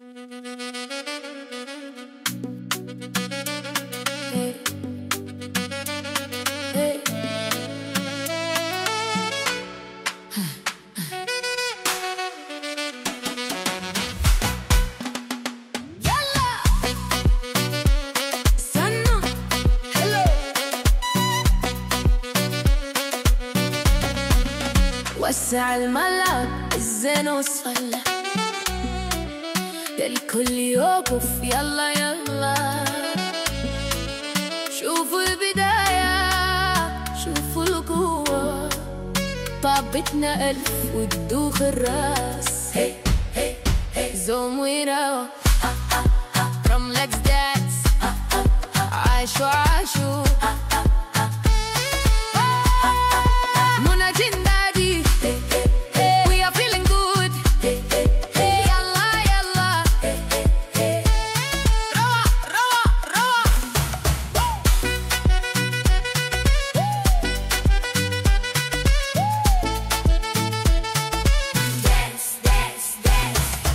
وسع الملعب الزين وصلى الكل يوقف يلا يلا شوفوا البداية شوفوا القوة طابتنا ألف وتدوخ الراس هي هي هي زوم dance رملك دانس عاشوا عاشوا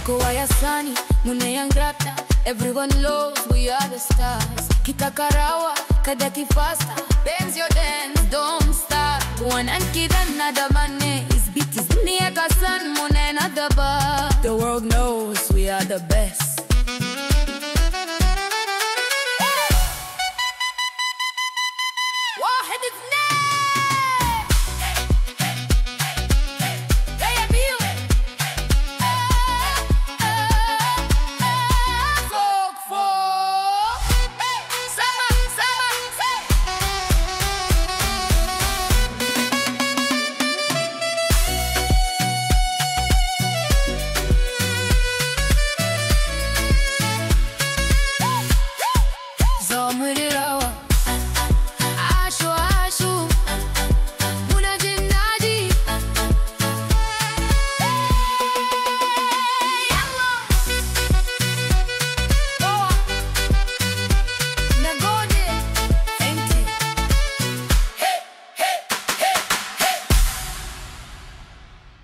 Kowayasani, Munayangrata, everyone loves we are the stars. Kitakarawa, Kadaki faster, bends your dance, don't stop. One and kid another money is beat is Niakasan, mune another bar. The world knows we are the best. Wow, headed now.